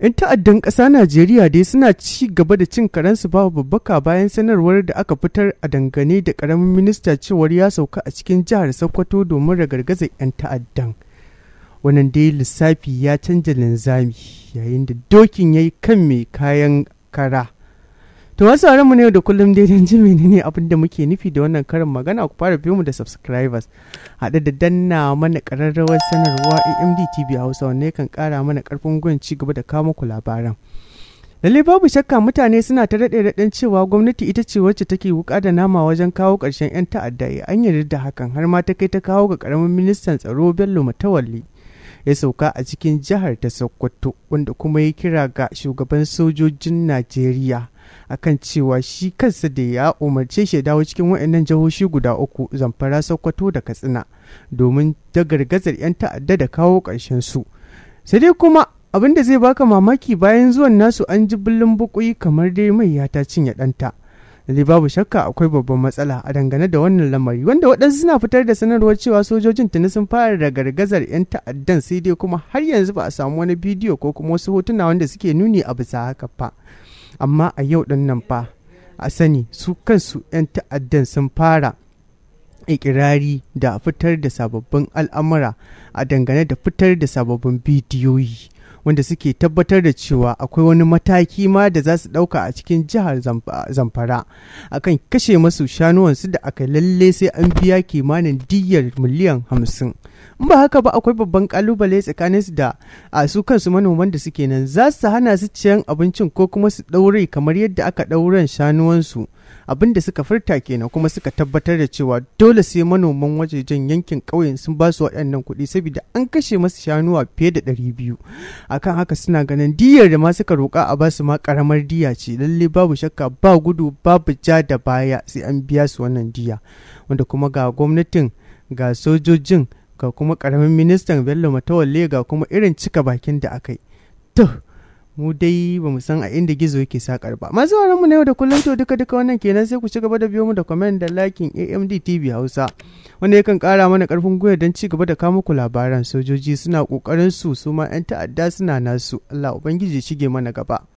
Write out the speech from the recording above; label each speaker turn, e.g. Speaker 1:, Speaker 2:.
Speaker 1: 'Yan ta'addan ƙasa Najeriya dai suna ci gaba da cin karensu babu babbaka bayan sanarwar da aka fitar a dangane da ƙaramin minista cewar ya sauka a cikin jihar Sokoto domin ragargaza 'yan ta'addan. Wannan dai lissafi ya canja linzami yayin da dokin ya yi kan mai kayan kara. To wasu mu ne da kullum dai don jin ne abin da muke nufi da wannan karin magana ku fara biyo mu da subscribers. Haɗe da danna mana ƙararrawar sanarwa AMD TV Hausa wanne kan ƙara mana ƙarfin gwiwar ci gaba da kawo muku labaran. Lalle babu shakka mutane suna ta daɗe raɗen cewa gwamnati ita ce wacce take wuƙa da nama wajen kawo ƙarshen 'yan ta'adda eh, an yarda da hakan har ma ta kai ta kawo ga ƙaramin ministan tsaro Bello matawalle ya sauka a cikin jihar ta Sokoto wanda kuma ya kira ga shugaban sojojin Najeriya akan cewa shi kansa da ya umarce shi dawo cikin waɗannan jihohi guda uku zamfara sokoto da katsina domin dagargazar 'yan ta'adda da kawo ƙarshen su sai dai kuma abin da zai baka mamaki bayan zuwan nasu an ji bullin bukuyi kamar dai mai ya ta cinye ɗanta dai babu shakka akwai babban matsala a dangane da wannan lamari wanda waɗansu suna fitar da sanarwar cewa sojojin tuni sun fara da gargazar 'yan ta'addan sai dai kuma har yanzu ba a samu wani bidiyo ko kuma wasu hotuna wanda suke nuni a bisa haka fa amma a yau ɗin nan fa a sani su kansu 'yan ta'addan sun fara ikirari da fitar da sababbin al'amura a dangane da fitar da sababbin bidiyoyi wanda suke tabbatar da cewa akwai wani mataki ma da za su ɗauka a cikin jihar zamfara akan kashe masu shanuwansu da aka lalle sai an biya kimanin diyar miliyan hamsin in ba haka ba akwai babban kalubale tsakanin su da a su kansu manoman da suke nan za su hana su ciyan abincin ko kuma su ɗaure kamar yadda aka ɗauren shanuwansu abin da suka furta kenan kuma suka tabbatar da cewa dole sai manoman wajejen yankin ƙauyen sun ba su waɗannan kuɗi saboda an kashe masu shanuwa fiye da ɗari biyu akan haka suna ganin diyar da ma suka roƙa a basu ma karamar diya ce lalle babu shakka ba gudu babu ja da baya sai an biya su wannan diya wanda kuma ga gwamnatin ga sojojin ga kuma karamin ministan bello matawalle ga kuma irin cika bakin da akai yi to mu dai ba mu san a inda gizo yake sakar ba masu mu na yau da kullum to duka duka wannan kenan sai ku ci gaba da biyo mu da comment da lakin amd tv hausa wanda yakan kara mana karfin gwiwa don ci gaba da kawo muku labaran sojoji suna kokarin su su ma yan ta'adda suna nasu allah ubangiji shige mana gaba